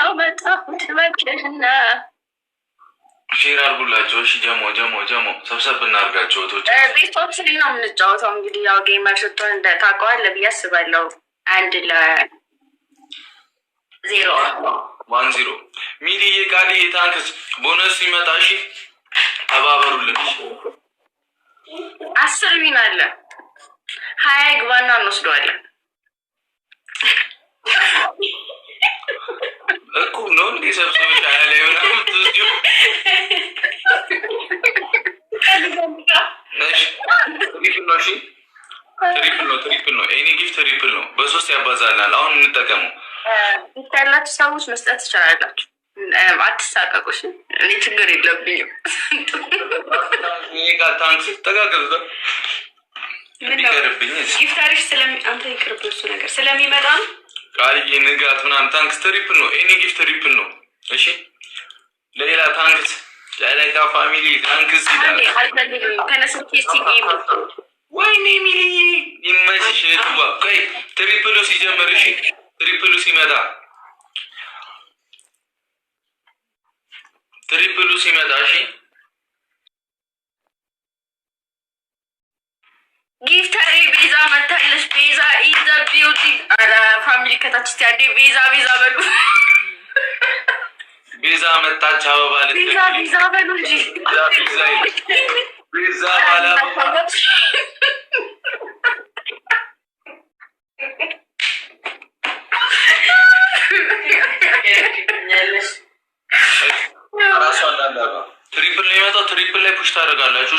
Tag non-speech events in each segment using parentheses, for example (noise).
ነው መጣሁት ሼር አድርጉላቸው። እሺ ጀሞ ጀሞ ጀሞ ሰብሰብ ብናርጋቸው ወቶች ቤቶች ላይ ነው የምንጫወተው። እንግዲህ ያው ጌመር ስትሆን እንደ ታውቀዋለህ ብዬ አስባለሁ። አንድ ለዜሮ ዋን ዜሮ ሚሊዬ ቃል የታንክስ ቦነስ ሲመጣ እሺ ተባበሩልን። አስር ሚን አለ ሀያ ግባና እንወስደዋለን እቁብ ነው እንዴ? ሰብሰብ ላይ ትሪፕል ነው። ትሪፕል ነው። ኤኒ ጊፍት ትሪፕል ነው። በሶስት ያባዛልናል። አሁን እንጠቀሙ። ጊፍት ያላችሁ ሰዎች መስጠት ትችላላችሁ። አትሳቀቁሽ። እኔ ችግር የለብኝም። ታንክስ ተጋገዝ ቢቀርብኝ ጊፍታሪሽ ስለሚ አንተ ይቅርብ እሱ ነገር ስለሚመጣ ነው ቃልዬ ንጋት ምናምን ታንክስ ትሪፕል ነው። ኤኒ ጊፍት ትሪፕል ነው። እሺ ለሌላ ታንክስ ጨረቃ ፋሚሊ ታንክስ ይላል። ወይኔ ሚሊ ይመችሽ። ድዋ ቆይ ትሪፕሉ ሲጀምር እሺ ትሪፕሉ ሲመጣ ትሪፕሉ ሲመጣ እሺ ጊፍተሪ ቤዛ መታለች። ቤዛ ኢዘ ቢዩቲ አረ ፋሚሊ ከታች ስቲያዴ ቤዛ ቤዛ በሉ ቤዛ መጣች። አበባ ቤዛ ቤዛ በሉ እንጂ ቤዛ ባላ ትሪፕል ላይ ይመጣው ትሪፕል ላይ ፑሽ ታደርጋላችሁ።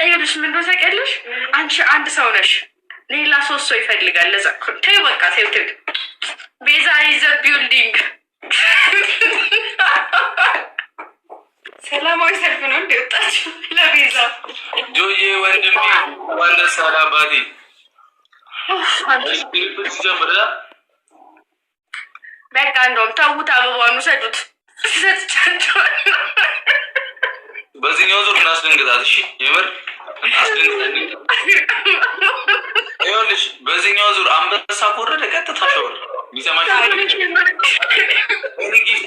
ይኸውልሽ ምን እንደሆነ ታውቂያለሽ? አንቺ አንድ ሰው ነሽ፣ ሌላ ሶስት ሰው ይፈልጋል። ለዛ ተይው በቃ ተይው፣ ተይው። ቤዛ ይዘ ቢልዲንግ ሰላማዊ ሰልፍ ነው እንደ ወጣችሁ ለቤዛ ጆዬ ወንድሜ ዋነሳ ላባቴ ጀምረ በቃ እንደውም ተዉት፣ አበባን ውሰዱት ሰጥቻቸዋል በዚህኛው ዙር ግን አስደንግጣት። እሺ የምር ይኸውልሽ፣ በዚህኛው ዙር አንበሳ ከወረደ ቀጥታ ሸወር የሚሰማሽ ትሪፕል ነው። እሺ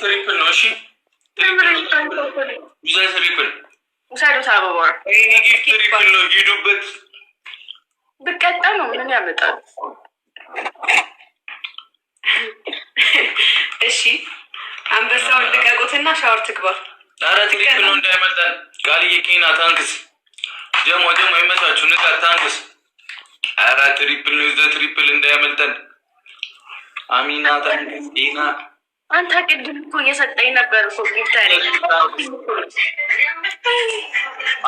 ትሪፕል ትሪፕል ነው። ሂዱበት። ብቀጣ ነው ምን ያመጣል? እሺ አንበሳውን ልቀቁትና ሻወር ትግባል። ትክክል ነው። እንዳይመልጠን ጋልዬ ኬና ታንክስ ጀሞ ጀሞ ይመታችሁ ንጋት ታንክስ አራ ትሪፕል ነው። ዘ ትሪፕል እንዳያመልጠን አሚና ታንክስ ና አንተ ቅድም እኮ እየሰጠኝ ነበር እኮ ጊፍታሪ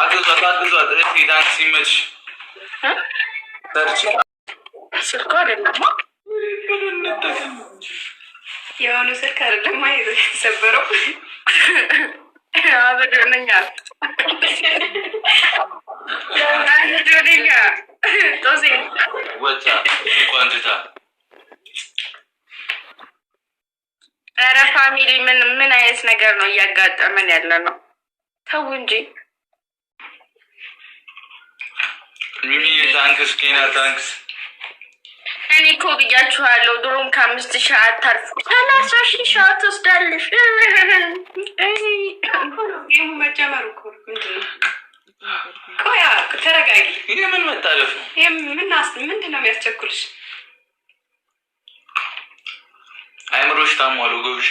አግዟት አግዟት እህቴ ታንክስ ይመች ሰርች ስልኩ አይደለም የሆኑ ስልክ አይደለም ሰበረው ኧረ ፋሚሊ ምን ምን አይነት ነገር ነው እያጋጠመን ያለ ነው? ተው እንጂ ሚሚ ታንክስ ኬና ታንክስ እኔ እኮ ብያችኋለሁ ድሮም ከአምስት ሺህ አታርፍ ሰላሳ ሺህ ሺህ አትወስዳለሽ። መጀመሩ እኮ ምንድን ነው? ቆይ ተረጋጊ። የምን መታለፍ ነው? ምንድን ነው የሚያስቸኩልሽ? አይምሮሽ ታሟል። ጎብሽ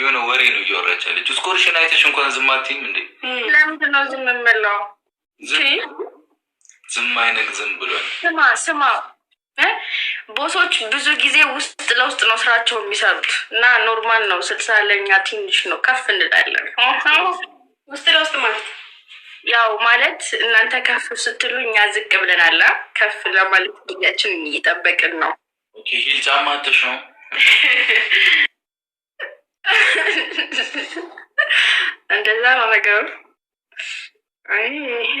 የሆነ ወሬ ነው እያወራች ስኮርሽን አይተሽ እንኳን ዝም አትይም እንዴ? ለምንድን ነው ዝም የምለው? ዝም አይነግ ዝም ብሏል። ስማ ስማ ቦሶች ብዙ ጊዜ ውስጥ ለውስጥ ነው ስራቸው የሚሰሩት እና ኖርማል ነው። ስልሳ ለኛ ትንሽ ነው፣ ከፍ እንላለን። (laughs) ውስጥ ለውስጥ ማለት ያው ማለት እናንተ ከፍ ስትሉ እኛ ዝቅ ብለናል። ከፍ ለማለት ጊዜያችን እየጠበቅን ነው። ሂል ጫማ አትሽ ነው (laughs) እንደዛ ነው ነገሩ።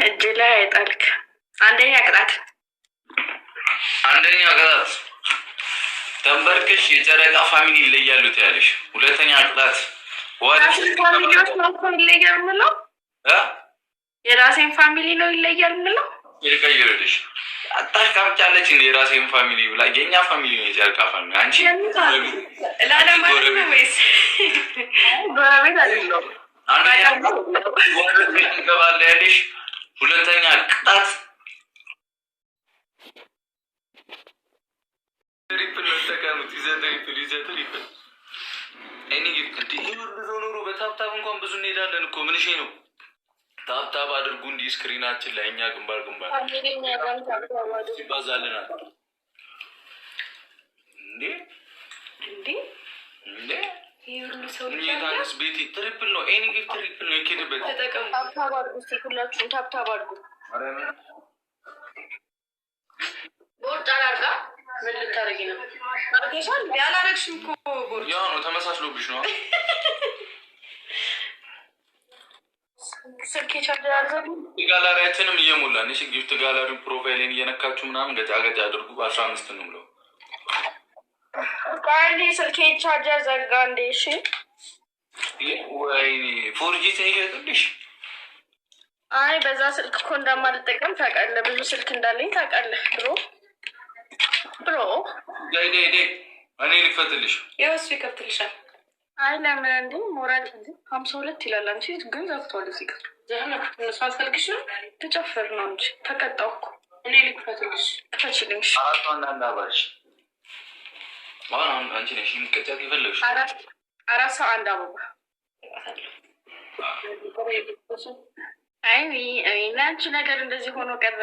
እጅ ላይ አይጣልክ አንደኛ ቅጣት አንደኛ ቅጣት ተንበርክሽ የጨረቃ ፋሚሊ ይለያሉት ያለሽ። ሁለተኛ ቅጣት ይለያል ምለው የራሴን ፋሚሊ ነው ይለያል ምለው ይልቀይርልሽ አታሽቃብጫለች እንደ የራሴን ፋሚሊ ብላ የእኛ ፋሚሊ ነው የጨረቃ ፋሚሊ። አንቺ ጎረቤት አይደለም። አንደኛ ገባለ ያለሽ ሁለተኛ ቅጣት ትሪፕል መጠቀሙት ይዘህ ትሪፕል ይዘህ ትሪፕል እኔ ኖሮ በታብታብ እንኳን ብዙ እንሄዳለን እኮ ምንሽ ነው። ታብታብ አድርጉ እንዲህ ስክሪናችን ላይ እኛ ግንባር ግንባር ይባዛልናል። እንዴ ቤት ትሪፕል ነው። ኤኒ ጊፍት ትሪፕል ነው። ይኬድበት ታብታብ አድርጉ፣ ሁላችሁም ታብታብ አድርጉ። ልታረጊ ነው? አርገሻል። ያላረግሽም እኮ ያው ነው ተመሳስሎብሽ ነው። ስልኬ ቻርጀር ጋላሪያችንም እየሞላን እሺ፣ ጊፍት ጋላሪ ፕሮፋይሌን እየነካችሁ ምናምን ገጫ ገጫ አድርጉ። አስራ አምስት ነው ብለው አንዴ ስልኬ ቻርጀር ዘጋ እንዴ። እሺ፣ ወይኔ ፎርጂ ትንሽ አይ፣ በዛ ስልክ እኮ እንደማልጠቀም ታውቃለህ። ብዙ ስልክ እንዳለኝ ታውቃለህ ድሮ ብሎ እኔ ልክፈትልሽ። የበሱ ይከፍትልሻል። አይ ለምን ሞራል ሀምሳ ሁለት ይላል። አንቺ ግን ዘግቷል። እዚህ ጋር እነሱ አስፈልግሽ ነው ነው እንጂ ተቀጣሁ እኮ እኔ ልክፈትልሽ። ክፈችልሽ አንቺ ነሽ የሚቀጫት የፈለግሽ አራት ሰው አንድ አበባ አይ አንቺ ነገር እንደዚህ ሆኖ ቀረ።